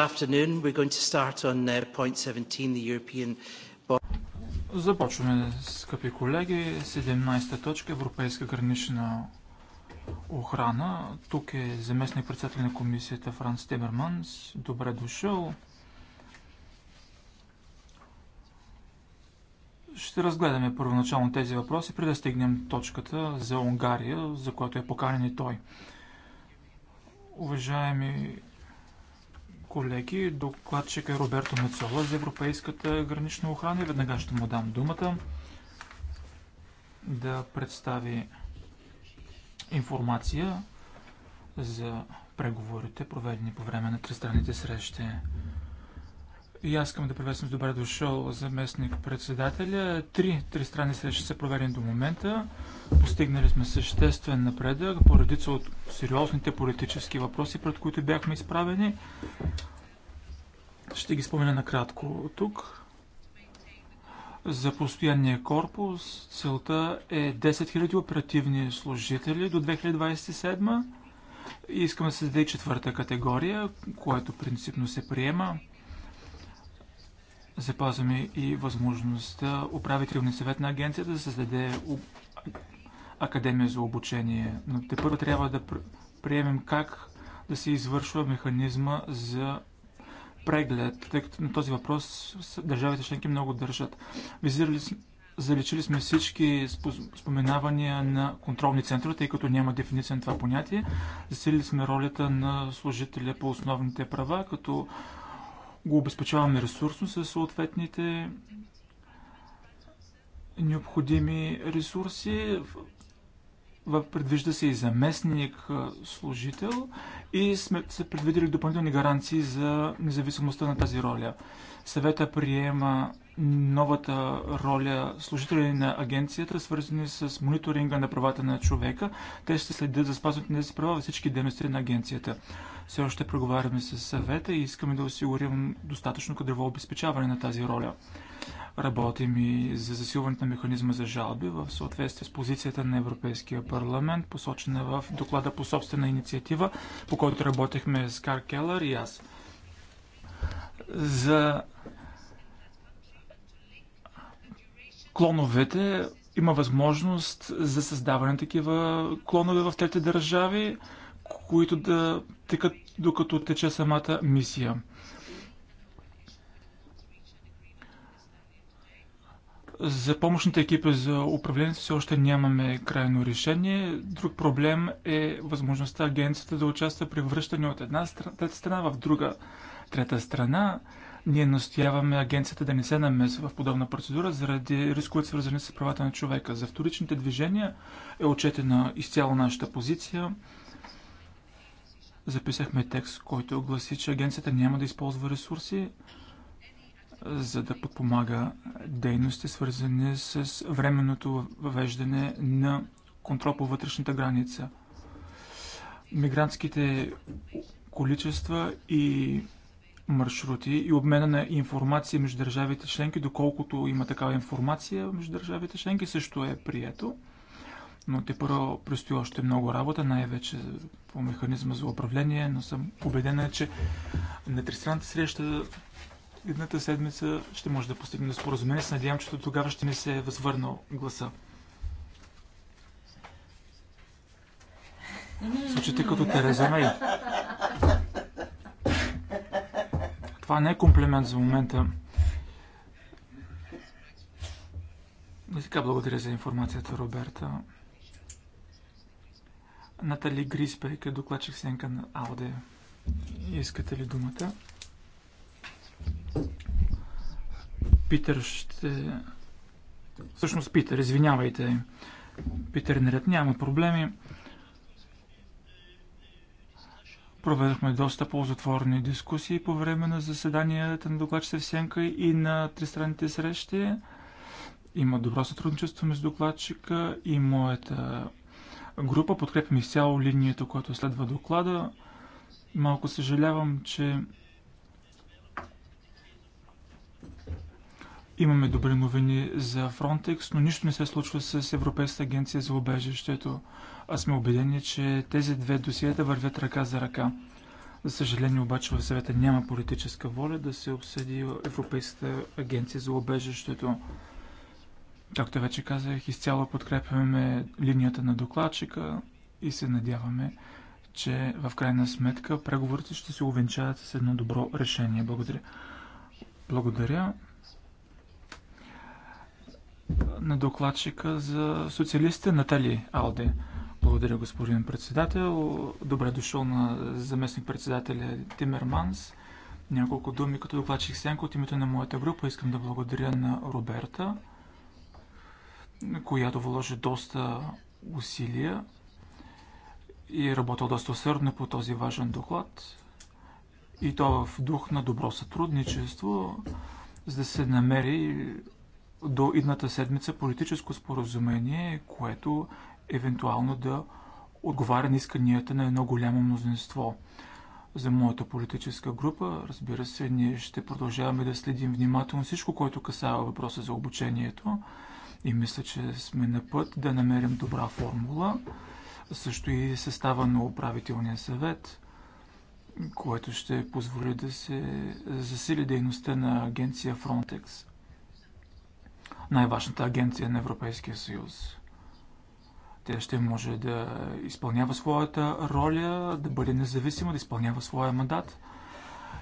afternoon. We're going to start on uh, point 17, the European Започваме, скъпи колеги. 17-та точка Европейска гранична охрана. Тук е заместник председател на комисията Франц Темерманс. Добре дошъл. Ще разгледаме първоначално тези въпроси, преди да стигнем точката за Унгария, за която е поканен и той. Уважаеми Колеги, докладчик е Роберто Мецола за Европейската гранична охрана и веднага ще му дам думата да представи информация за преговорите, проведени по време на тристранните срещи. И аз искам да приветствам с добре дошъл заместник председателя. Три тристранни срещи са проведени до момента. Постигнали сме съществен напредък поредица от сериозните политически въпроси, пред които бяхме изправени. Ще ги спомена накратко тук. За постоянния корпус целта е 10 000 оперативни служители до 2027. И искаме да се създаде четвърта категория, което принципно се приема. Запазваме и възможността управителния съвет на агенцията да създаде академия за обучение. Но те първо трябва да приемем как да се извършва механизма за преглед, тъй като на този въпрос държавите членки много държат. Визирали, заличили сме всички споменавания на контролни центрове, тъй като няма дефиниция на това понятие. Засилили сме ролята на служителя по основните права, като го обезпечаваме ресурсно със съответните необходими ресурси. Предвижда се и заместник служител и сме се предвидели допълнителни гаранции за независимостта на тази роля. Съвета приема новата роля служители на агенцията, свързани с мониторинга на правата на човека. Те ще следят за спазването на тези права във всички дейности на агенцията. Все още проговаряме с съвета и искаме да осигурим достатъчно кадрово обезпечаване на тази роля. Работим и за засилването на механизма за жалби в съответствие с позицията на Европейския парламент, посочена в доклада по собствена инициатива, по който работихме с Кар Келър и аз. За клоновете има възможност за създаване на такива клонове в трети държави, които да текат докато тече самата мисия. За помощните екипи за управление все още нямаме крайно решение. Друг проблем е възможността агенцията да участва при връщане от една трета страна в друга трета страна. Ние настояваме агенцията да не се намесва в подобна процедура заради рисковете свързани с правата на човека. За вторичните движения е отчетена изцяло нашата позиция. Записахме текст, който гласи, че агенцията няма да използва ресурси, за да подпомага дейности, свързани с временното въвеждане на контрол по вътрешната граница. Мигрантските количества и маршрути и обмена на информация между държавите членки, доколкото има такава информация между държавите членки, също е прието. Но те първо предстои още много работа, най-вече по механизма за управление, но съм убедена, че на тристранната среща едната седмица ще може да постигне споразумение. Се надявам, че тогава ще не се е възвърнал гласа. Случите като Тереза Мей. Това не е комплимент за момента. И така, благодаря за информацията, Роберта. Натали Гриспек е докладчик сенка на Ауде. Искате ли думата? Питър ще... Всъщност Питър, извинявайте. Питър е наред няма проблеми. Проведохме доста ползотворни дискусии по време на заседанията на докладчица в Сенка и на тристранните срещи. Има добро сътрудничество между докладчика и моята група. Подкрепям изцяло линията, която следва доклада. Малко съжалявам, че Имаме добри новини за Frontex, но нищо не се случва с Европейската агенция за убежището. Аз сме убедени, че тези две досиета вървят ръка за ръка. За съжаление обаче в съвета няма политическа воля да се обсъди Европейската агенция за убежището. Както вече казах, изцяло подкрепяме линията на докладчика и се надяваме, че в крайна сметка преговорите ще се увенчаят с едно добро решение. Благодаря. Благодаря на докладчика за социалистите Натали Алде. Благодаря, господин председател. Добре дошъл на заместник председателя Тимерманс. Няколко думи като докладчик Сенко от името на моята група. Искам да благодаря на Роберта, която вложи доста усилия и е работил доста усърдно по този важен доклад. И то в дух на добро сътрудничество, за да се намери до идната седмица политическо споразумение, което евентуално да отговаря на исканията на едно голямо мнозинство. За моята политическа група, разбира се, ние ще продължаваме да следим внимателно всичко, което касава въпроса за обучението и мисля, че сме на път да намерим добра формула. Също и състава на управителния съвет, което ще позволи да се засили дейността на агенция Frontex най-важната агенция на Европейския съюз. Тя ще може да изпълнява своята роля, да бъде независима, да изпълнява своя мандат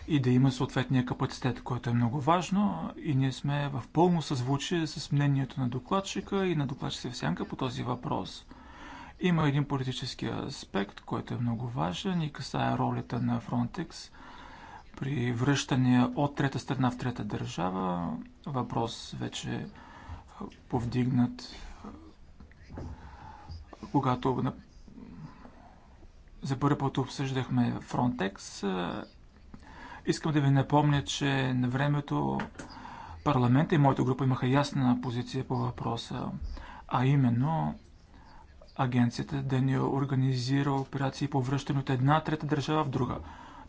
и да има съответния капацитет, което е много важно. И ние сме в пълно съзвучие с мнението на докладчика и на докладчица в сянка по този въпрос. Има един политически аспект, който е много важен и касае ролята на Frontex при връщане от трета страна в трета държава. Въпрос вече повдигнат, когато за първи път обсъждахме Frontex. Искам да ви напомня, че на времето парламента и моята група имаха ясна позиция по въпроса, а именно агенцията да ни организира операции по връщане от една трета държава в друга.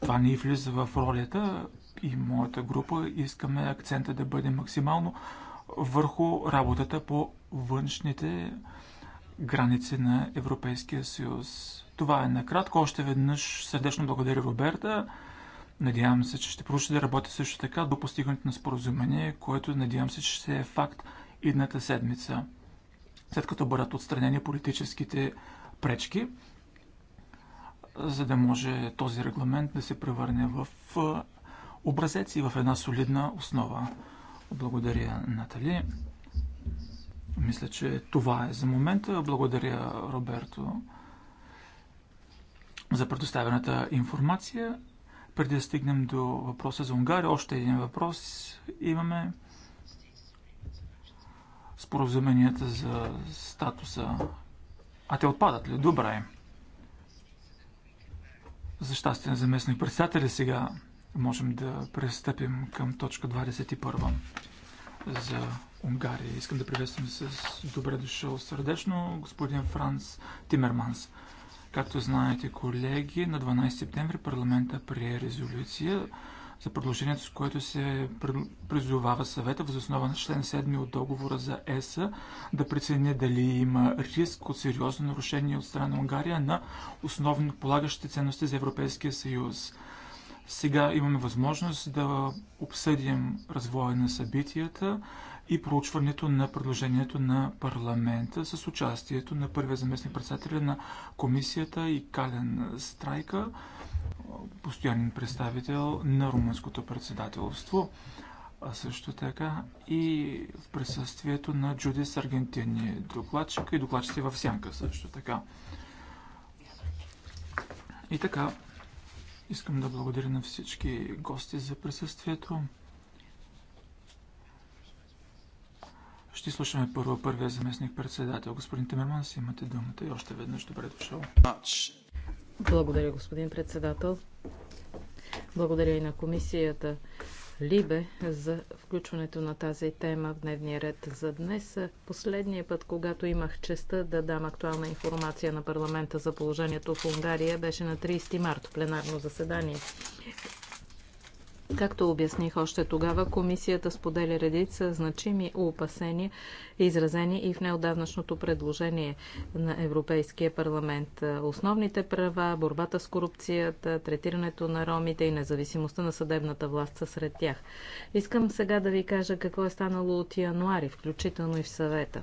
Това ни влиза в ролята и моята група искаме акцента да бъде максимално върху работата по външните граници на Европейския съюз. Това е накратко. Още веднъж сърдечно благодаря Роберта. Надявам се, че ще продължи да работи също така до постигането на споразумение, което надявам се, че ще е факт идната седмица, след като бъдат отстранени политическите пречки, за да може този регламент да се превърне в образец и в една солидна основа. Благодаря, Натали. Мисля, че това е за момента. Благодаря, Роберто, за предоставената информация. Преди да стигнем до въпроса за Унгария, още един въпрос имаме. Споразуменията за статуса. А те отпадат ли? Добре. За щастие на заместник председателя сега можем да престъпим към точка 21 за Унгария. Искам да приветствам с добре дошъл сърдечно господин Франц Тимерманс. Както знаете, колеги, на 12 септември парламента прие резолюция за предложението, с което се призовава съвета въз основа на член 7 от договора за ЕСА да прецени дали има риск от сериозно нарушение от страна на Унгария на основно полагащите ценности за Европейския съюз. Сега имаме възможност да обсъдим развоя на събитията и проучването на предложението на парламента с участието на първия заместник председателя на комисията и Кален Страйка, постоянен представител на румънското председателство, а също така и в присъствието на Джудис Аргентини докладчика и докладчите в Сянка също така. И така, Искам да благодаря на всички гости за присъствието. Ще слушаме първо първия заместник председател. Господин си имате думата и още веднъж добре дошъл. Благодаря, господин председател. Благодаря и на комисията Либе за включването на тази тема в дневния ред за днес. Последния път, когато имах честа да дам актуална информация на парламента за положението в Унгария, беше на 30 март пленарно заседание. Както обясних още тогава, комисията споделя редица значими опасения, изразени и в неодавнашното предложение на Европейския парламент. Основните права, борбата с корупцията, третирането на ромите и независимостта на съдебната власт са сред тях. Искам сега да ви кажа какво е станало от януари, включително и в съвета.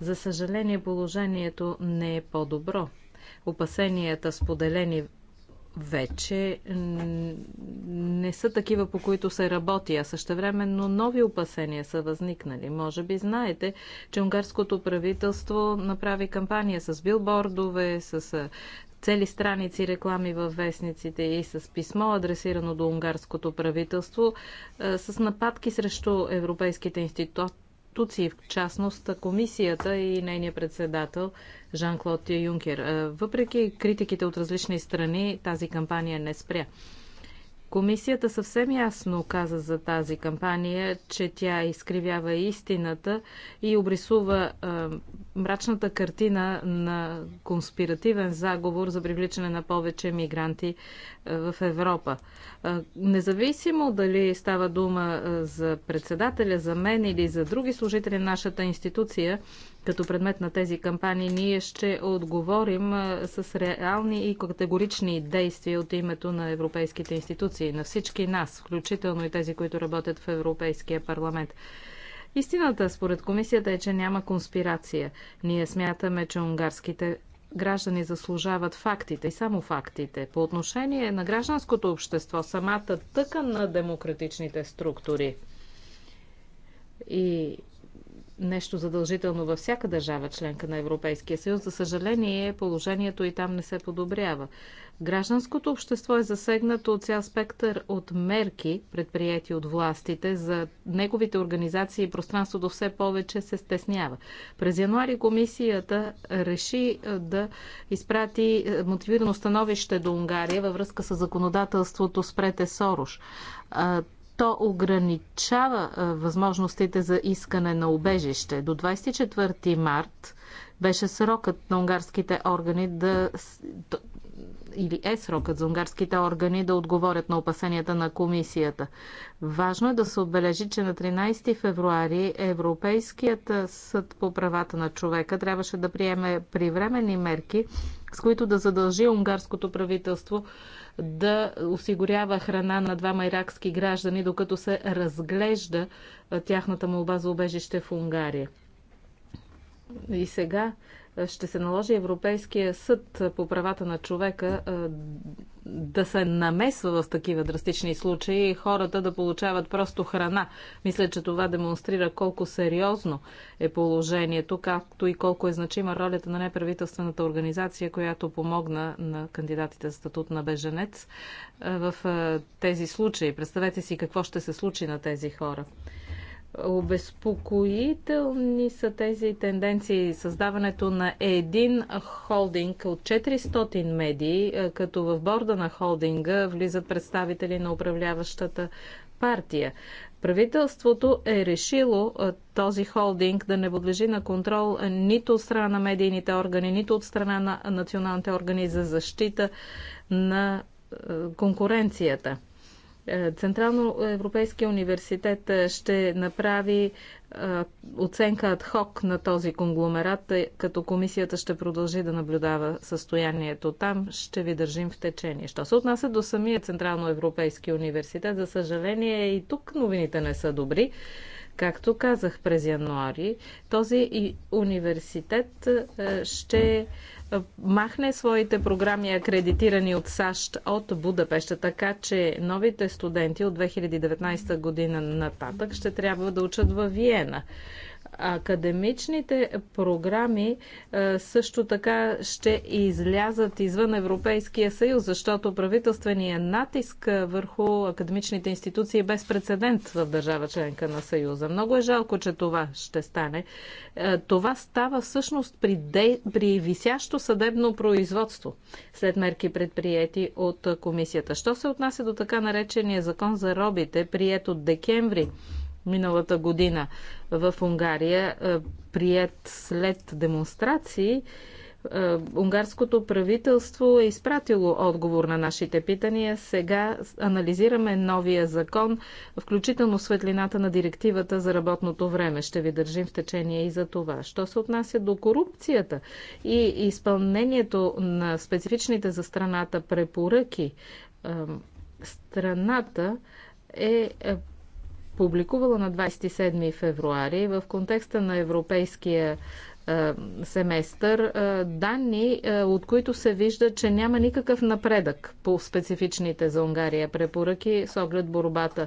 За съжаление, положението не е по-добро. Опасенията, споделени вече не са такива, по които се работи, а същевременно нови опасения са възникнали. Може би знаете, че унгарското правителство направи кампания с билбордове, с цели страници реклами във вестниците и с писмо, адресирано до унгарското правителство, с нападки срещу европейските институции институции, в частност комисията и нейния председател Жан-Клод Юнкер. Въпреки критиките от различни страни, тази кампания не спря. Комисията съвсем ясно каза за тази кампания, че тя изкривява истината и обрисува е, мрачната картина на конспиративен заговор за привличане на повече мигранти е, в Европа. Е, независимо дали става дума е, за председателя, за мен или за други служители на нашата институция, като предмет на тези кампании, ние ще отговорим с реални и категорични действия от името на европейските институции, на всички нас, включително и тези, които работят в Европейския парламент. Истината според комисията е, че няма конспирация. Ние смятаме, че унгарските граждани заслужават фактите и само фактите. По отношение на гражданското общество, самата тъкан на демократичните структури и нещо задължително във всяка държава членка на Европейския съюз. За съжаление, положението и там не се подобрява. Гражданското общество е засегнато от цял спектър от мерки, предприяти от властите, за неговите организации и пространството все повече се стеснява. През януари комисията реши да изпрати мотивирано становище до Унгария във връзка с законодателството Спрете Сорош то ограничава а, възможностите за искане на убежище. До 24 март беше срокът на унгарските органи да или е срокът за унгарските органи да отговорят на опасенията на комисията. Важно е да се отбележи, че на 13 февруари Европейският съд по правата на човека трябваше да приеме привременни мерки, с които да задължи унгарското правителство да осигурява храна на двама иракски граждани, докато се разглежда тяхната молба за убежище в Унгария. И сега ще се наложи Европейския съд по правата на човека да се намесва в такива драстични случаи и хората да получават просто храна. Мисля, че това демонстрира колко сериозно е положението, както и колко е значима ролята на неправителствената организация, която помогна на кандидатите за статут на беженец в тези случаи. Представете си какво ще се случи на тези хора. Обезпокоителни са тези тенденции. Създаването на един холдинг от 400 медии, е, като в борда на холдинга влизат представители на управляващата партия. Правителството е решило е, този холдинг да не подлежи на контрол е, нито от страна на медийните органи, нито от страна на националните органи за защита на конкуренцията. Е, Централно Европейския университет е, ще направи е, оценка адхок на този конгломерат, като комисията ще продължи да наблюдава състоянието там. Ще ви държим в течение. Що се отнася до самия Централно университет, за съжаление и тук новините не са добри. Както казах през януари, този университет е, ще е, махне своите програми, акредитирани от САЩ от Будапеща, така че новите студенти от 2019 година нататък ще трябва да учат във Виена. Академичните програми е, също така ще излязат извън Европейския съюз, защото правителствения натиск върху академичните институции е без прецедент в държава членка на съюза. Много е жалко, че това ще стане. Е, това става всъщност при, де... при висящо съдебно производство след мерки предприяти от комисията. Що се отнася до така наречения закон за робите, прието от декември миналата година в Унгария, прият след демонстрации, унгарското правителство е изпратило отговор на нашите питания. Сега анализираме новия закон, включително светлината на директивата за работното време. Ще ви държим в течение и за това. Що се отнася до корупцията и изпълнението на специфичните за страната препоръки, страната е, е публикувала на 27 февруари в контекста на европейския семестър данни, от които се вижда, че няма никакъв напредък по специфичните за Унгария препоръки с оглед борбата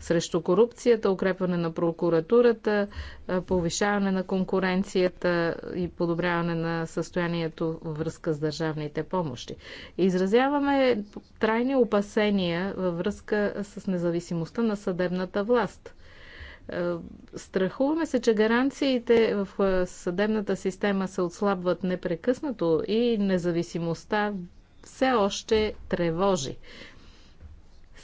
срещу корупцията, укрепване на прокуратурата, е, повишаване на конкуренцията и подобряване на състоянието във връзка с държавните помощи. Изразяваме трайни опасения във връзка с независимостта на съдебната власт. Е, страхуваме се, че гаранциите в е, съдебната система се отслабват непрекъснато и независимостта все още тревожи.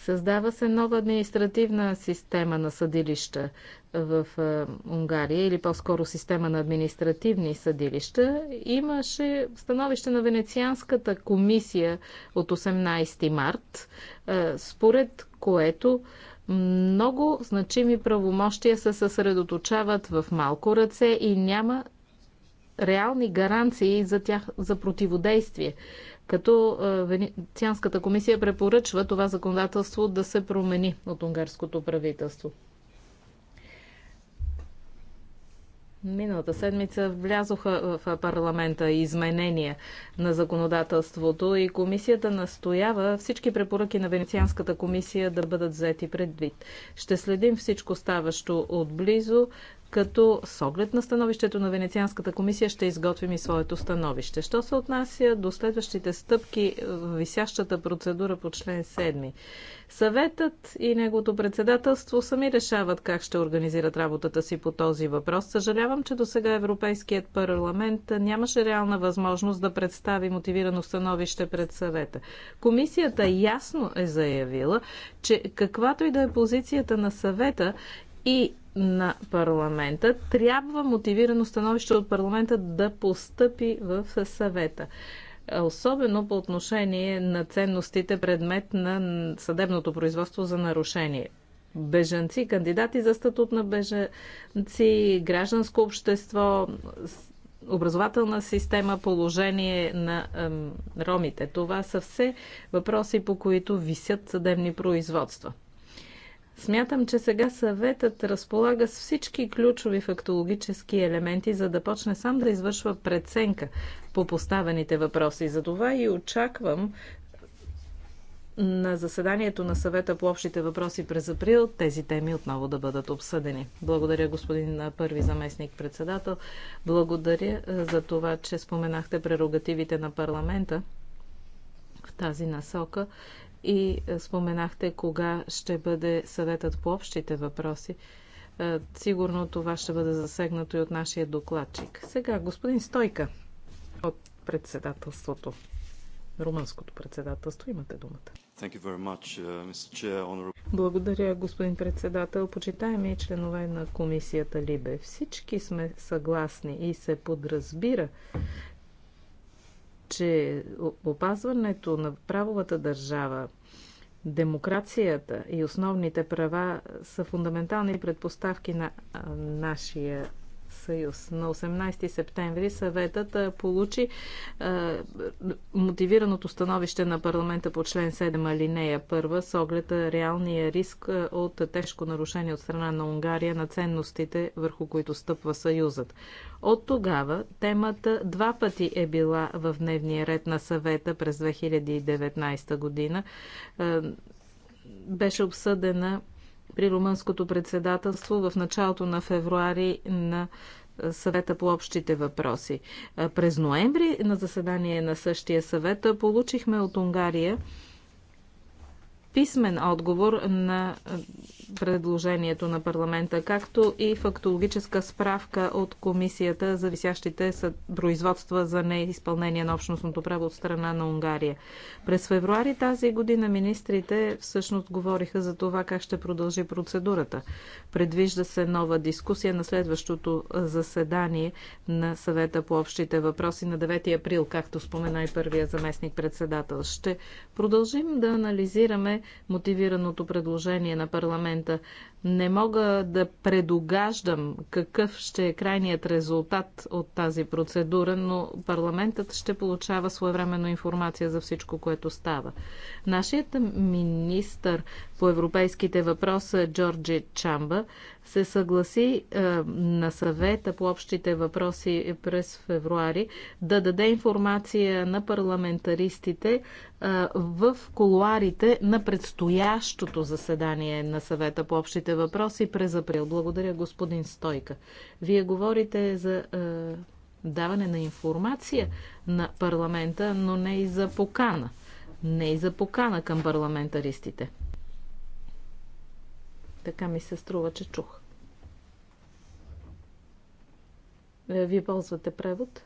Създава се нова административна система на съдилища в е, Унгария, или по-скоро система на административни съдилища. Имаше становище на Венецианската комисия от 18 март, е, според което много значими правомощия се съсредоточават в малко ръце и няма реални гаранции за, тях, за противодействие. Като е, Венецианската комисия препоръчва това законодателство да се промени от унгарското правителство. Миналата седмица влязоха в парламента изменения на законодателството и комисията настоява всички препоръки на Венецианската комисия да бъдат взети предвид. Ще следим всичко ставащо отблизо, като с оглед на становището на Венецианската комисия ще изготвим и своето становище. Що се отнася до следващите стъпки в висящата процедура по член 7? Съветът и неговото председателство сами решават как ще организират работата си по този въпрос. Съжалявам, че до сега Европейският парламент нямаше реална възможност да представи мотивирано становище пред съвета. Комисията ясно е заявила, че каквато и да е позицията на съвета и на парламента, трябва мотивирано становище от парламента да постъпи в съвета. Особено по отношение на ценностите предмет на съдебното производство за нарушение. Бежанци, кандидати за статут на бежанци, гражданско общество, образователна система, положение на ем, ромите. Това са все въпроси, по които висят съдебни производства. Смятам, че сега съветът разполага с всички ключови фактологически елементи, за да почне сам да извършва преценка по поставените въпроси. Затова и очаквам на заседанието на съвета по общите въпроси през април тези теми отново да бъдат обсъдени. Благодаря, господин първи заместник председател. Благодаря е, за това, че споменахте прерогативите на парламента в тази насока и е, споменахте кога ще бъде съветът по общите въпроси. Е, сигурно това ще бъде засегнато и от нашия докладчик. Сега, господин Стойка от председателството, румънското председателство, имате думата. Much, uh, Honor... Благодаря, господин председател. Почитаеми членове на комисията Либе. Всички сме съгласни и се подразбира, че опазването на правовата държава, демокрацията и основните права са фундаментални предпоставки на нашия съюз. На 18 септември съветът получи е, мотивираното становище на парламента по член 7 алинея 1 с оглед реалния риск от тежко нарушение от страна на Унгария на ценностите, върху които стъпва съюзът. От тогава темата два пъти е била в дневния ред на съвета през 2019 година. Е, беше обсъдена при румънското председателство в началото на февруари на съвета по общите въпроси. През ноември на заседание на същия съвет получихме от Унгария писмен отговор на предложението на парламента, както и фактологическа справка от комисията за висящите производства за неизпълнение на общностното право от страна на Унгария. През февруари тази година министрите всъщност говориха за това как ще продължи процедурата. Предвижда се нова дискусия на следващото заседание на съвета по общите въпроси на 9 април, както спомена и първия заместник председател. Ще продължим да анализираме мотивираното предложение на парламента не мога да предогаждам какъв ще е крайният резултат от тази процедура, но парламентът ще получава своевременно информация за всичко, което става. Нашият министр по европейските въпроси Джорджи Чамба се съгласи е, на съвета по общите въпроси през февруари да даде информация на парламентаристите е, в колуарите на предстоящото заседание на съвета по общите въпроси през април. Благодаря, господин Стойка. Вие говорите за е, даване на информация на парламента, но не и за покана. Не и за покана към парламентаристите. Така ми се струва, че чух. Е, вие ползвате превод?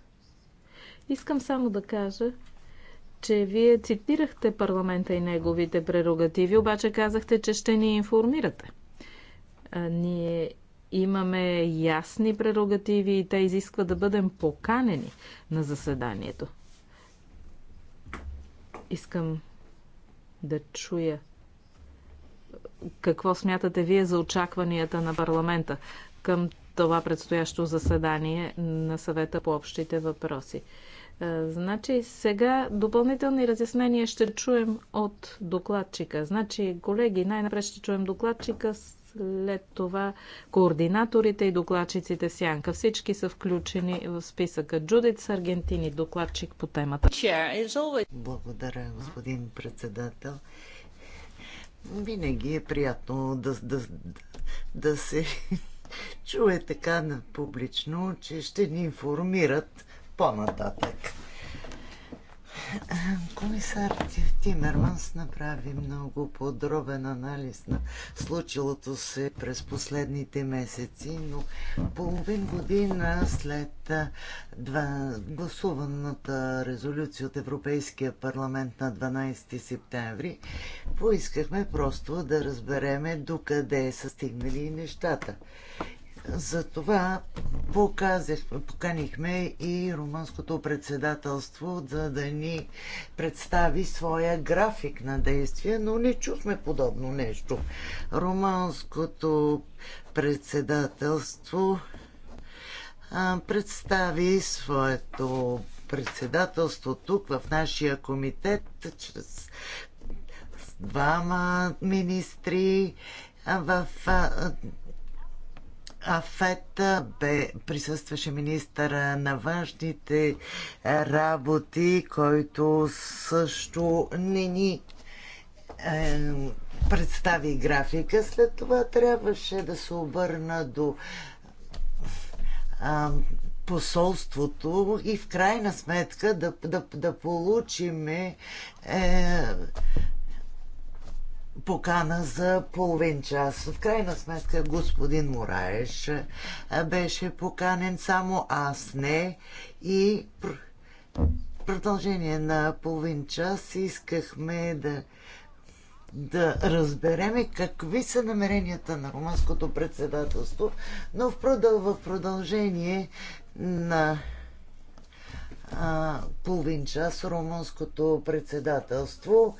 Искам само да кажа, че вие цитирахте парламента и неговите прерогативи, обаче казахте, че ще ни информирате. Ние имаме ясни прерогативи и те изискват да бъдем поканени на заседанието. Искам да чуя какво смятате вие за очакванията на парламента към това предстоящо заседание на съвета по общите въпроси. Значи сега допълнителни разяснения ще чуем от докладчика. Значи, колеги, най-напред ще чуем докладчика с след това координаторите и докладчиците Сянка. Всички са включени в списъка. Джудит с Аргентини, докладчик по темата. Благодаря, господин председател. Винаги е приятно да, да, да се чуе така на публично, че ще ни информират по-нататък. Комисар Тимерманс направи много подробен анализ на случилото се през последните месеци, но половин година след два, гласуваната резолюция от Европейския парламент на 12 септември, поискахме просто да разбереме докъде са стигнали нещата. Затова поканихме и румънското председателство, за да ни представи своя график на действие, но не чухме подобно нещо. Румънското председателство а, представи своето председателство тук в нашия комитет чрез двама министри в Афет бе, присъстваше министъра на външните работи, който също не ни е, представи графика. След това трябваше да се обърна до а, посолството и в крайна сметка да, да, да получиме е, покана за половин час. В крайна сметка господин Мораеш беше поканен само аз не и продължение на половин час искахме да да разбереме какви са намеренията на румънското председателство, но в, в продължение на а, половин час румънското председателство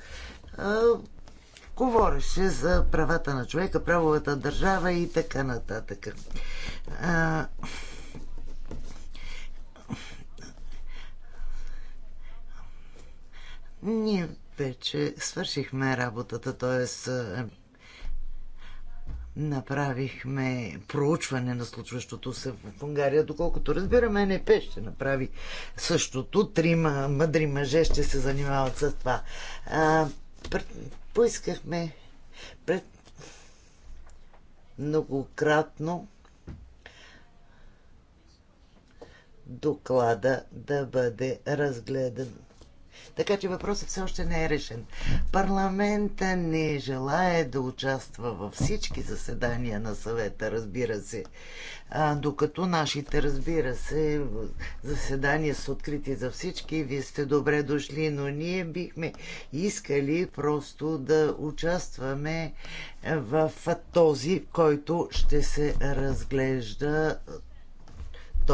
а, говореше за правата на човека, правовата държава и така нататък. А, ние вече свършихме работата, т.е. направихме проучване на случващото се в Унгария. Доколкото разбираме, НП ще направи същото. Трима мъдри мъже ще се занимават с това. А, поискахме пред многократно доклада да бъде разгледан така че въпросът все още не е решен. Парламента не желая да участва във всички заседания на съвета, разбира се. А, докато нашите, разбира се, заседания са открити за всички, вие сте добре дошли, но ние бихме искали просто да участваме в този, който ще се разглежда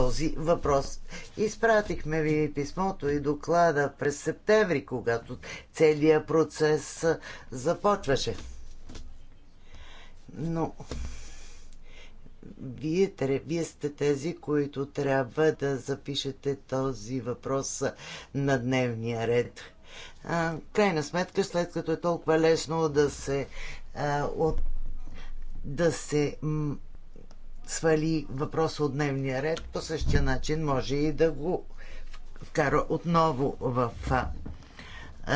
този въпрос. Изпратихме ви писмото и доклада през септември, когато целият процес започваше. Но вие, вие сте тези, които трябва да запишете този въпрос на дневния ред. А, крайна сметка, след като е толкова лесно да се, а, от, да се м, свали въпроса от дневния ред, по същия начин може и да го вкара отново в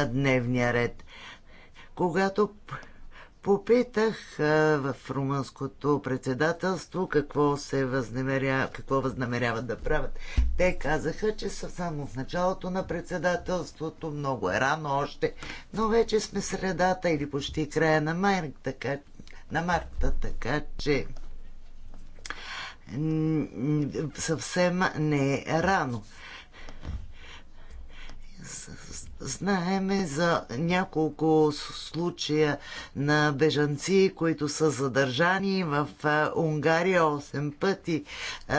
дневния ред. Когато попитах в румънското председателство какво, се възнамеря, какво възнамеряват да правят, те казаха, че са само в началото на председателството, много е рано още, но вече сме средата или почти края на март, така, на марта, така че съвсем не е рано. Знаеме за няколко случая на бежанци, които са задържани в Унгария 8 пъти.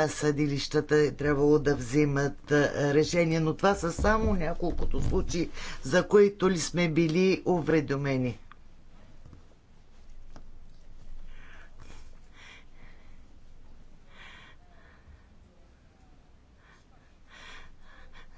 Съдилищата е трябвало да взимат решение, но това са само няколкото случаи, за които ли сме били уведомени.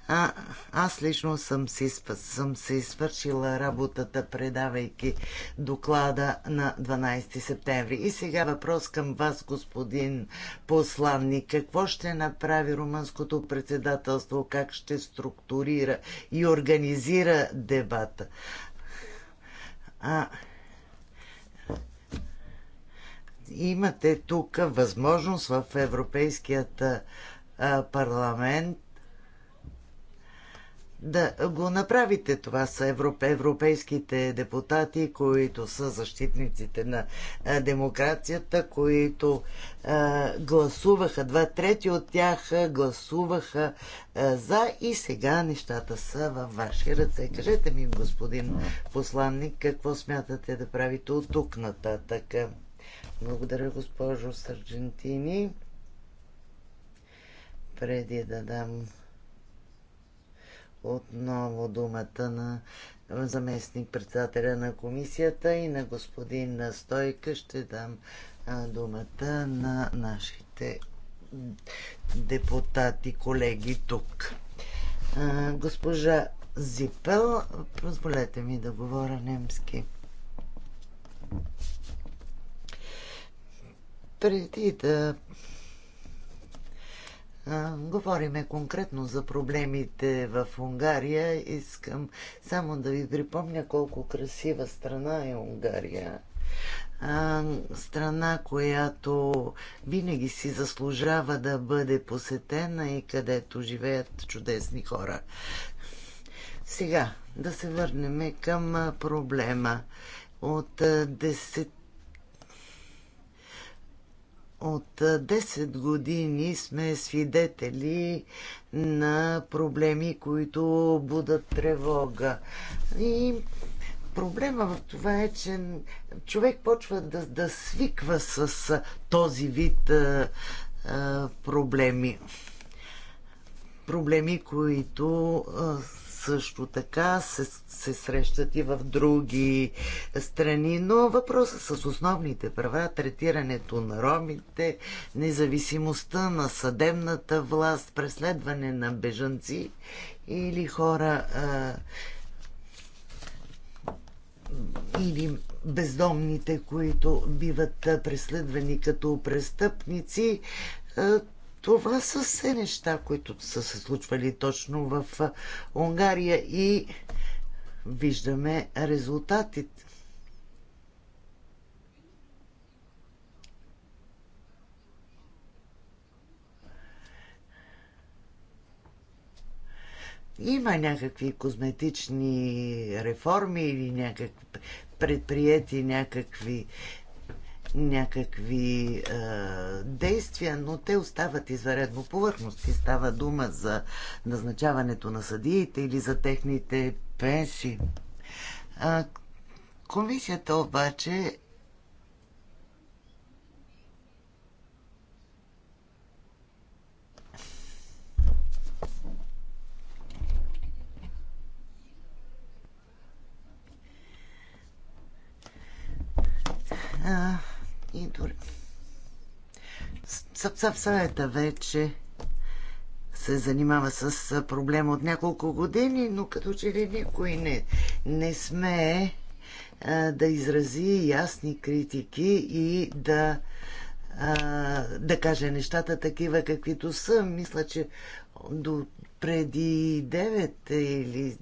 А, аз лично съм си, съм си свършила работата, предавайки доклада на 12 септември. И сега въпрос към вас, господин посланник. Какво ще направи румънското председателство? Как ще структурира и организира дебата? А, имате тук възможност в Европейският парламент да го направите. Това са европейските депутати, които са защитниците на демокрацията, които гласуваха, два трети от тях гласуваха за и сега нещата са във ваши ръце. Кажете ми, господин посланник, какво смятате да правите от тук нататък? Благодаря, госпожо Сарджентини. Преди да дам отново думата на заместник председателя на комисията и на господин Стойка ще дам думата на нашите депутати, колеги тук. Госпожа Зипел, позволете ми да говоря немски. Преди да Говориме конкретно за проблемите в Унгария. Искам само да ви припомня колко красива страна е Унгария. страна, която винаги си заслужава да бъде посетена и където живеят чудесни хора. Сега да се върнем към проблема. От 10 от 10 години сме свидетели на проблеми, които будат тревога. И проблема в това е, че човек почва да, да свиква с този вид а, а, проблеми. Проблеми, които а, също така се, се срещат и в други страни, но въпросът с основните права, третирането на ромите, независимостта на съдебната власт, преследване на бежанци или хора а, или бездомните, които биват преследвани като престъпници, това са все неща, които са се случвали точно в Унгария и виждаме резултатите. Има някакви козметични реформи или някакви предприяти някакви някакви е, действия, но те остават повърхност. И Става дума за назначаването на съдиите или за техните пенсии. А, комисията обаче Uh... И дори... В съвета вече се занимава с проблема от няколко години, но като че ли никой не, не смее а, да изрази ясни критики и да, а, да каже нещата такива, каквито са. Мисля, че до преди 9 или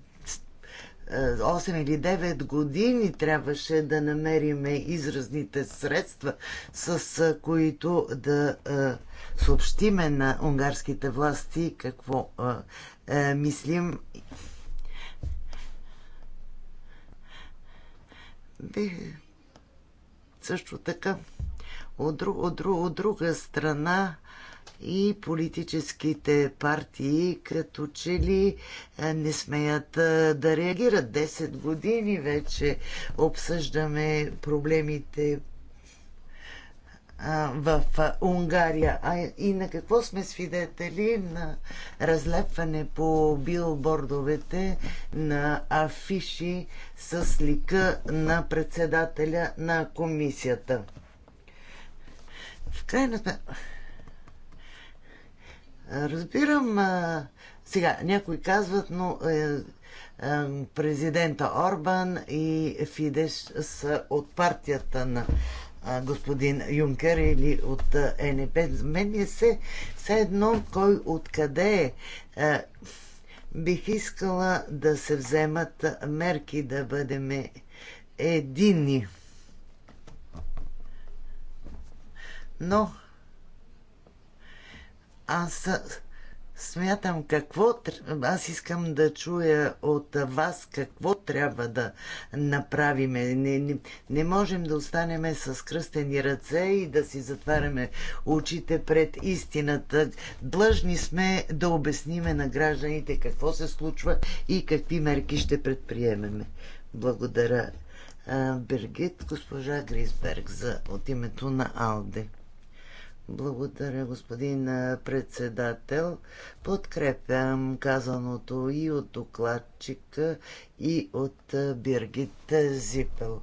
8 или 9 години трябваше да намериме изразните средства, с които да съобщиме на унгарските власти какво мислим. Бих също така. От, от друга страна, и политическите партии като че ли не смеят да реагират. 10 години вече обсъждаме проблемите в Унгария. А и на какво сме свидетели? На разлепване по билбордовете на афиши с лика на председателя на комисията. В крайна сметка Разбирам, сега някои казват, но е, е, президента Орбан и Фидеш са от партията на господин Юнкер или от НП. Мен е се, все едно кой откъде е. Бих искала да се вземат мерки, да бъдем единни. Но аз смятам какво... Аз искам да чуя от вас какво трябва да направиме. Не, не, не можем да останеме с кръстени ръце и да си затваряме очите пред истината. Длъжни сме да обясниме на гражданите какво се случва и какви мерки ще предприемеме. Благодаря. Бергит, госпожа Грисберг, за, от името на Алде. Благодаря, господин председател. Подкрепям казаното и от докладчика, и от Биргит Зипел.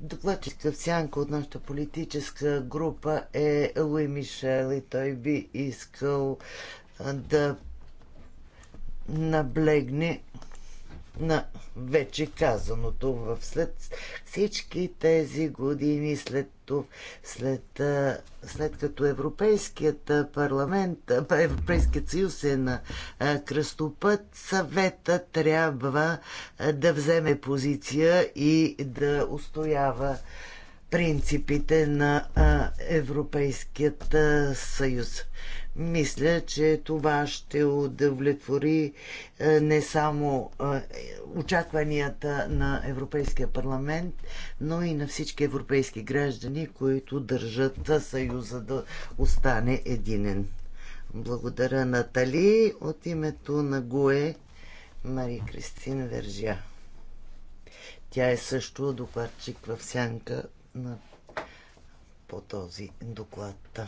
Докладчика в сянка от нашата политическа група е Луи Мишел и той би искал да наблегне на вече казаното в след всички тези години, след, след, след като Европейският парламент, Европейският съюз е на кръстопът, съвета трябва да вземе позиция и да устоява принципите на Европейският съюз. Мисля, че това ще удовлетвори е, не само е, очакванията на Европейския парламент, но и на всички европейски граждани, които държат Съюза да остане единен. Благодаря, Натали. От името на ГУЕ Мари Кристин Вержа. Тя е също докладчик в сянка на, по този доклад.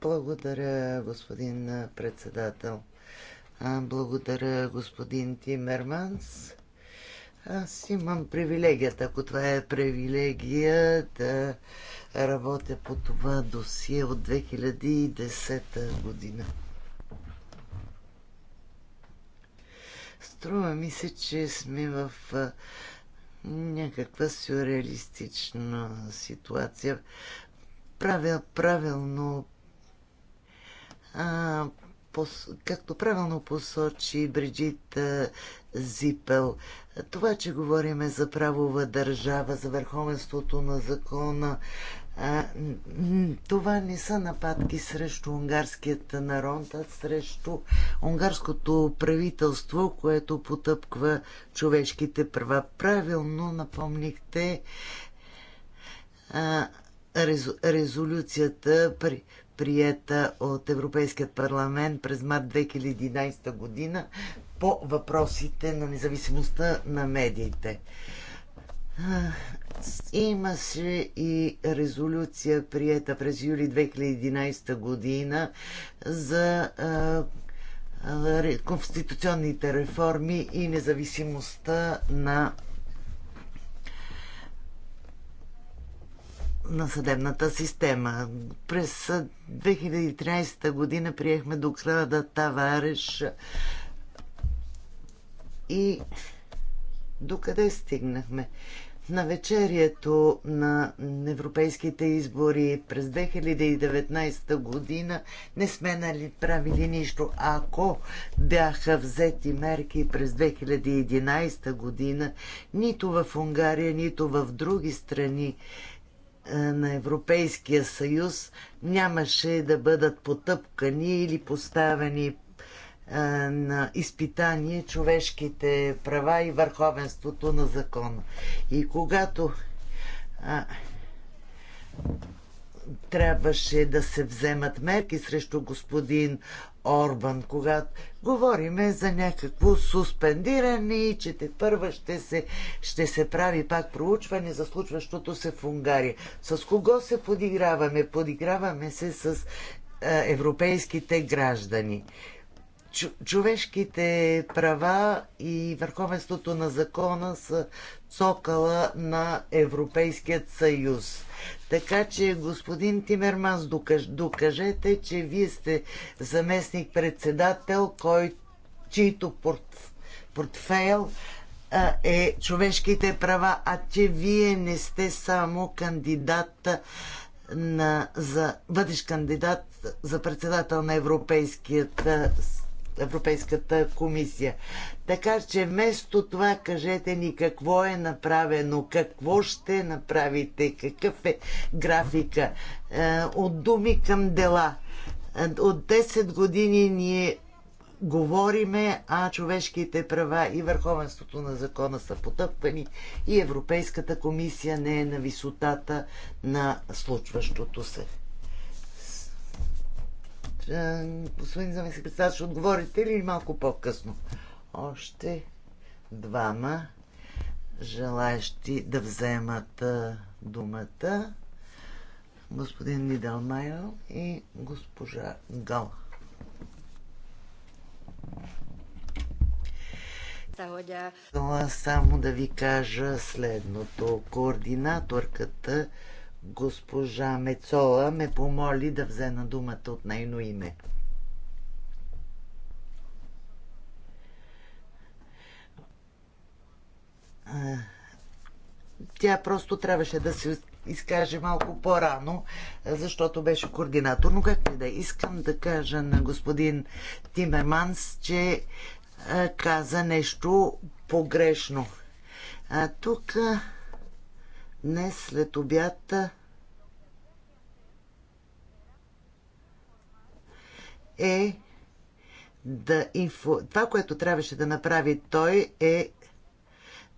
Благодаря, господин председател. Благодаря, господин Тимерманс. Аз имам привилегията, ако това е привилегия, да работя по това досие от 2010 година. Струва ми се, че сме в някаква сюрреалистична ситуация. Правя правилно а, пос, както правилно посочи Бриджит а, Зипел, това, че говориме за правова държава, за върховенството на закона, а, това не са нападки срещу унгарският народ, а срещу унгарското правителство, което потъпква човешките права. Правилно напомнихте а, резолюцията при приета от Европейският парламент през март 2011 година по въпросите на независимостта на медиите. Имаше и резолюция, приета през юли 2011 година за конституционните реформи и независимостта на на съдебната система. През 2013 година приехме доклада Тавареш и докъде стигнахме? На вечерието на европейските избори през 2019 година не сме нали правили нищо. Ако бяха взети мерки през 2011 година, нито в Унгария, нито в други страни е, на Европейския съюз нямаше да бъдат потъпкани или поставени е, на изпитание човешките права и върховенството на закона. И когато трябваше да се вземат мерки срещу господин Орбан, когато говориме за някакво суспендиране и че те първа ще се, ще се прави пак проучване за случващото се в Унгария. С кого се подиграваме? Подиграваме се с а, е, европейските граждани човешките права и върховенството на закона са цокала на Европейският съюз. Така че, господин Тимерманс, докаж, докажете, че вие сте заместник-председател, кой, чийто порт, портфейл а, е човешките права, а че вие не сте само кандидат на, за, бъдеш кандидат за председател на Европейският съюз Европейската комисия. Така че вместо това кажете ни какво е направено, какво ще направите, какъв е графика. Е, от думи към дела. Е, от 10 години ние говориме, а човешките права и върховенството на закона са потъпвани и Европейската комисия не е на висотата на случващото се. Е, господин заместник председател, ще отговорите ли малко по-късно? Още двама желаящи да вземат е, думата. Господин Нидалмайо и госпожа Гал. Само да ви кажа следното. Координаторката госпожа Мецола ме помоли да взема думата от нейно име. Тя просто трябваше да се изкаже малко по-рано, защото беше координатор. Но както и да е, искам да кажа на господин Тимерманс, че каза нещо погрешно. А, тук а, Днес след обята е да инфо... Това, което трябваше да направи той е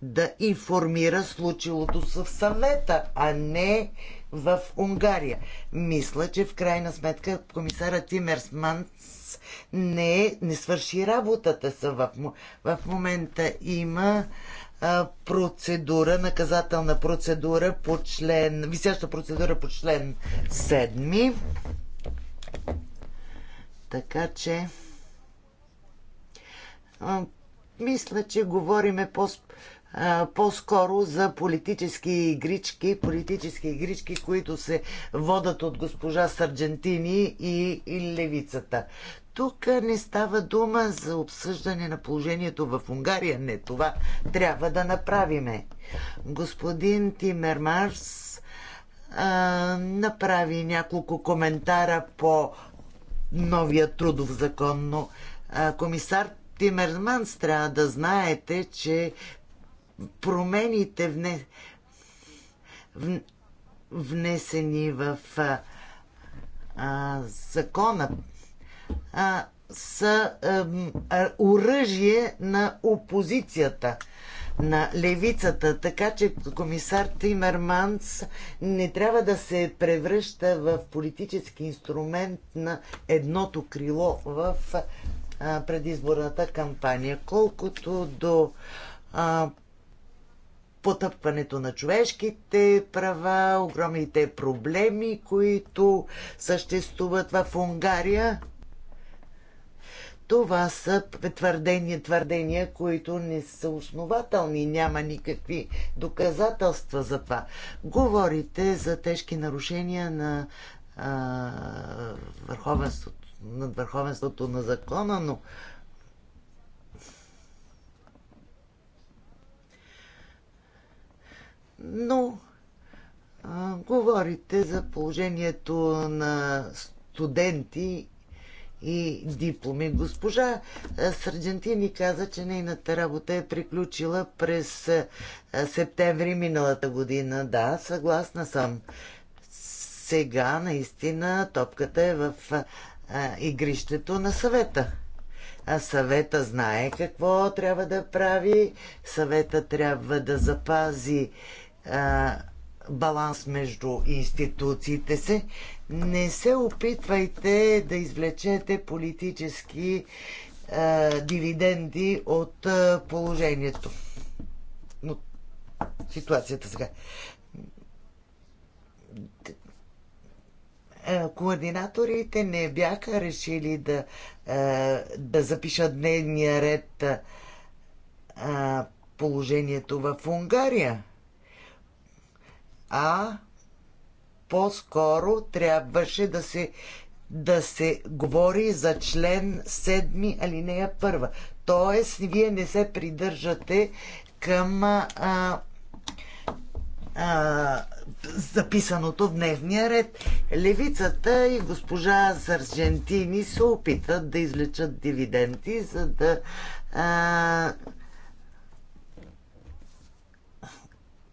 да информира случилото се в съвета, а не в Унгария. Мисля, че в крайна сметка комисара Тимерсманс не, е, не свърши работата са. В, в момента има процедура, наказателна процедура по член, висяща процедура по член 7. Така че мисля, че говориме по, по-скоро за политически игрички, политически игрички, които се водат от госпожа Сарджентини и, и левицата тук не става дума за обсъждане на положението в Унгария. Не, това трябва да направиме. Господин Тимермарс а, направи няколко коментара по новия трудов закон, но а, комисар Тимерманс трябва да знаете, че промените вне... в... внесени в а, а, закона а, са а, оръжие на опозицията на левицата. Така че комисар Тимерманс не трябва да се превръща в политически инструмент на едното крило в а, предизборната кампания. Колкото до а, потъпването на човешките права, огромните проблеми, които съществуват в Унгария, това са твърдения, твърдения, които не са основателни. Няма никакви доказателства за това. Говорите за тежки нарушения на а, върховенството, над върховенството на закона, но но а, говорите за положението на студенти и дипломи. Госпожа Сарджентини каза, че нейната работа е приключила през септември миналата година. Да, съгласна съм. Сега наистина топката е в игрището на съвета. А съвета знае какво трябва да прави. Съвета трябва да запази а, баланс между институциите се. Не се опитвайте да извлечете политически е, дивиденди от е, положението. Но ситуацията сега. Е, координаторите не бяха решили да, е, да запишат дневния ред е, положението в Унгария а по-скоро трябваше да се, да се говори за член 7 алинея 1. Тоест, вие не се придържате към а, а, записаното в дневния ред. Левицата и госпожа Саржентини се опитат да извлечат дивиденти, за да а,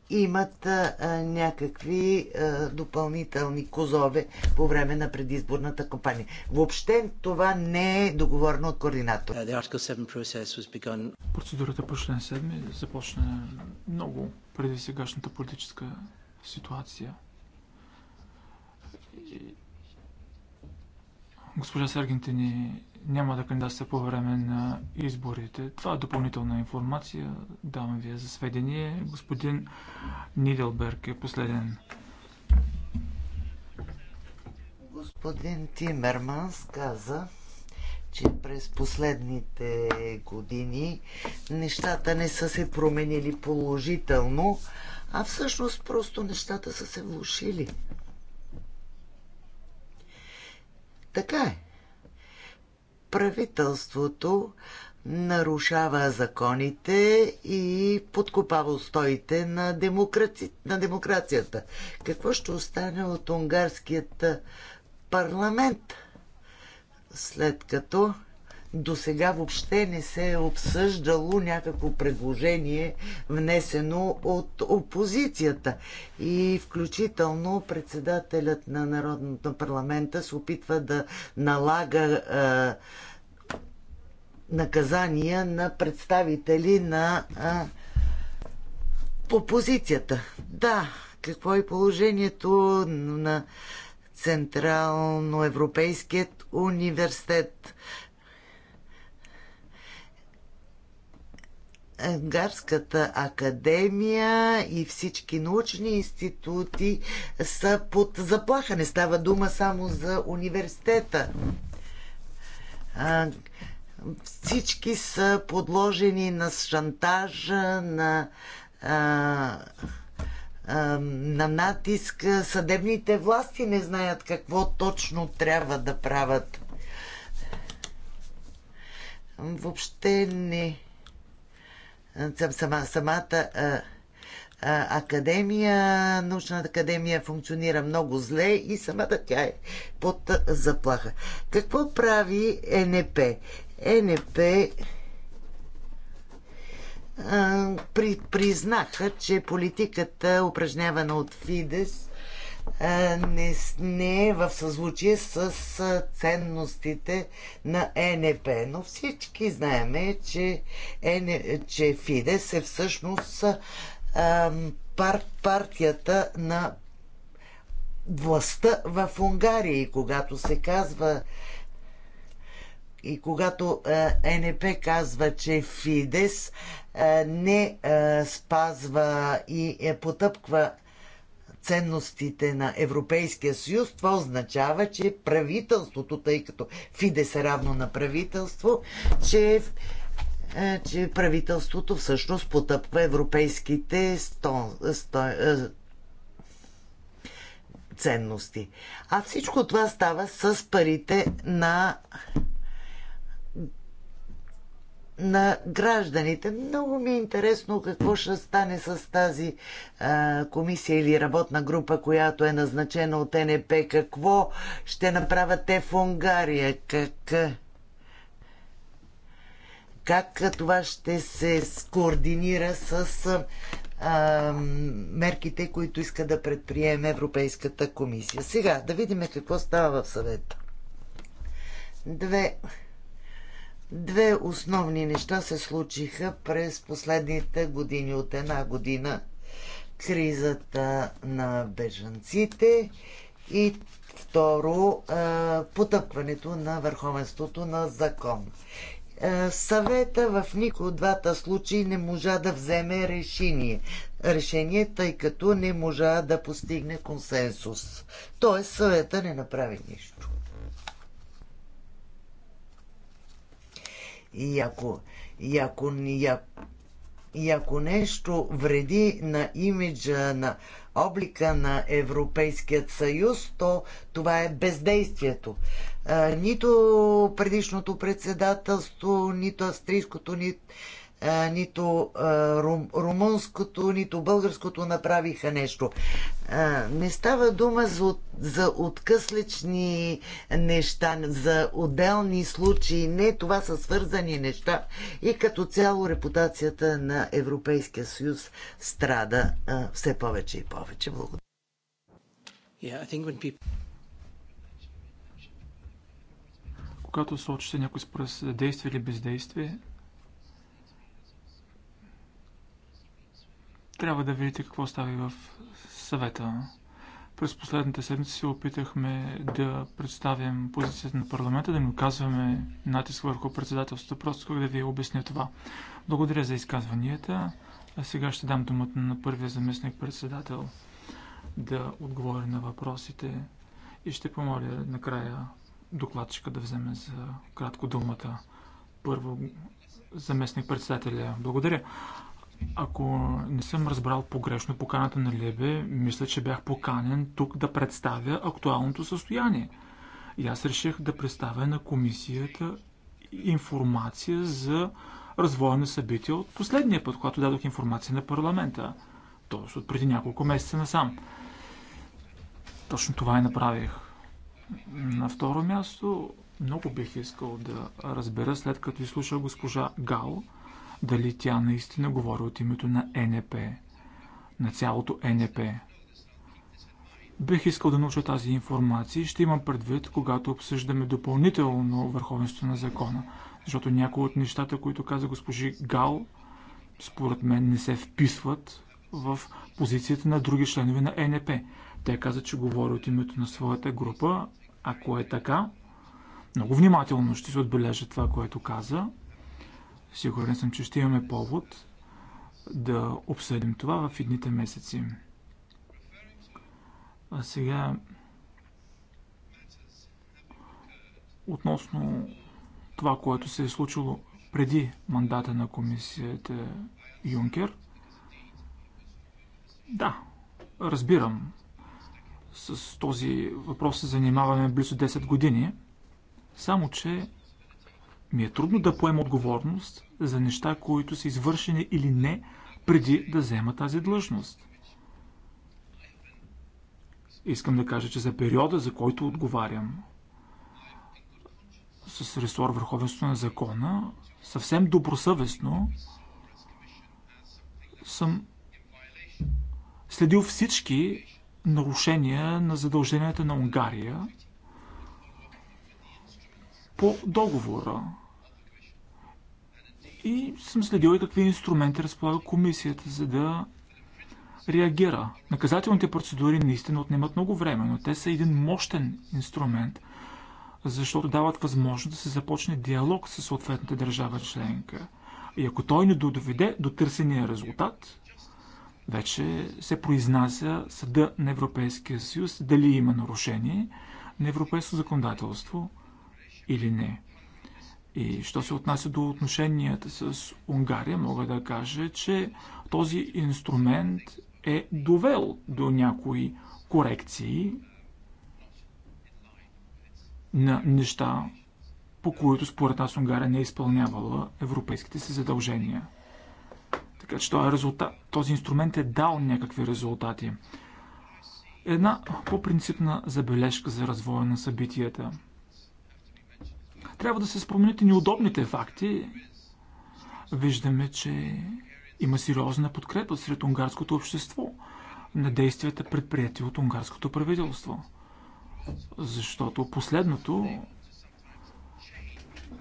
имат а, някакви а, допълнителни козове по време на предизборната кампания. Въобще това не е договорно от координатор. Uh, Процедурата по член 7 започна много преди сегашната политическа ситуация. Госпожа Сергентини няма да кандидатства по време на изборите. Това е допълнителна информация. Давам ви за сведение. Господин Нидълберг е последен. Господин Тимерманс каза, че през последните години нещата не са се променили положително, а всъщност просто нещата са се влушили. Така е. Правителството нарушава законите и подкопава устоите на, демокраци... на демокрацията. Какво ще остане от унгарският парламент, след като до сега въобще не се е обсъждало някакво предложение, внесено от опозицията. И включително председателят на Народното парламента се опитва да налага е, наказания на представители на е, опозицията. Да, какво е положението на Централноевропейският университет? Унгарската академия и всички научни институти са под заплаха. Не става дума само за университета. Всички са подложени на шантажа, на, на натиск. Съдебните власти не знаят какво точно трябва да правят. Въобще не сама, самата академия, научната академия функционира много зле и самата тя е под заплаха. Какво прави НП? НП при, признаха, че политиката, упражнявана от Фидес, е, не, не е в съзвучие с е, ценностите на ЕНП. Но всички знаеме, че, че Фидес е всъщност е, пар, партията на властта в Унгария. И когато се казва и когато е, НП казва, че Фидес не спазва и е, потъпква ценностите на Европейския съюз, това означава, че правителството, тъй като Фидес се равно на правителство, че, е, че правителството всъщност потъпва европейските сто, сто, е, ценности. А всичко това става с парите на на гражданите. Много ми е интересно какво ще стане с тази а, комисия или работна група, която е назначена от НП. Какво ще направят те в Унгария? Как, как това ще се скоординира с а, мерките, които иска да предприеме Европейската комисия? Сега да видим какво става в съвета. Две Две основни неща се случиха през последните години. От една година кризата на бежанците и второ потъпването на върховенството на закон. Съвета в никой от двата случаи не можа да вземе решение. Решение, тъй като не можа да постигне консенсус. Тоест съвета не направи нищо. И ако, и ако, и ако, и ако нещо вреди на имиджа, на облика на Европейският съюз, то това е бездействието. Нито предишното председателство, нито австрийското, нито нито рум, румънското, нито българското направиха нещо. Не става дума за, за откъслични неща, за отделни случаи. Не, това са свързани неща. И като цяло репутацията на Европейския съюз страда все повече и повече. Благодаря. Yeah, I think when people... Когато сочите някой според действие или бездействие, Трябва да видите какво става в съвета. През последната седмица се опитахме да представим позицията на парламента, да ни оказваме натиск върху председателството. Просто как да ви обясня това. Благодаря за изказванията. А сега ще дам думата на първия заместник председател да отговори на въпросите и ще помоля накрая докладчика да вземе за кратко думата. Първо заместник председателя. Благодаря. Ако не съм разбрал погрешно поканата на Лебе, мисля, че бях поканен тук да представя актуалното състояние. И аз реших да представя на комисията информация за развоя на събития от последния път, когато дадох информация на парламента. Тоест от преди няколко месеца насам. Точно това и направих. На второ място, много бих искал да разбера, след като изслуша госпожа Гал, дали тя наистина говори от името на НП, на цялото НП. Бих искал да науча тази информация и ще имам предвид, когато обсъждаме допълнително върховенството на закона, защото някои от нещата, които каза госпожи Гал, според мен не се вписват в позицията на други членове на НП. Те каза, че говори от името на своята група. Ако е така, много внимателно ще се отбележа това, което каза. Сигурен съм, че ще имаме повод да обсъдим това в едните месеци. А сега относно това, което се е случило преди мандата на комисията Юнкер. Да, разбирам. С този въпрос се занимаваме близо 10 години. Само, че ми е трудно да поема отговорност за неща, които са извършени или не, преди да взема тази длъжност. Искам да кажа, че за периода, за който отговарям с ресор върховенство на закона, съвсем добросъвестно съм следил всички нарушения на задълженията на Унгария – по договора. И съм следил и какви инструменти разполага комисията, за да реагира. Наказателните процедури наистина отнемат много време, но те са един мощен инструмент, защото дават възможност да се започне диалог с съответната държава членка. И ако той не доведе до търсения резултат, вече се произнася съда на Европейския съюз дали има нарушение на европейско законодателство или не. И що се отнася до отношенията с Унгария, мога да кажа, че този инструмент е довел до някои корекции на неща, по които според нас Унгария не е изпълнявала европейските си задължения. Така че този, е резултат, този инструмент е дал някакви резултати. Една по-принципна забележка за развоя на събитията – трябва да се спомените неудобните факти. Виждаме, че има сериозна подкрепа сред унгарското общество на действията предприяти от унгарското правителство. Защото последното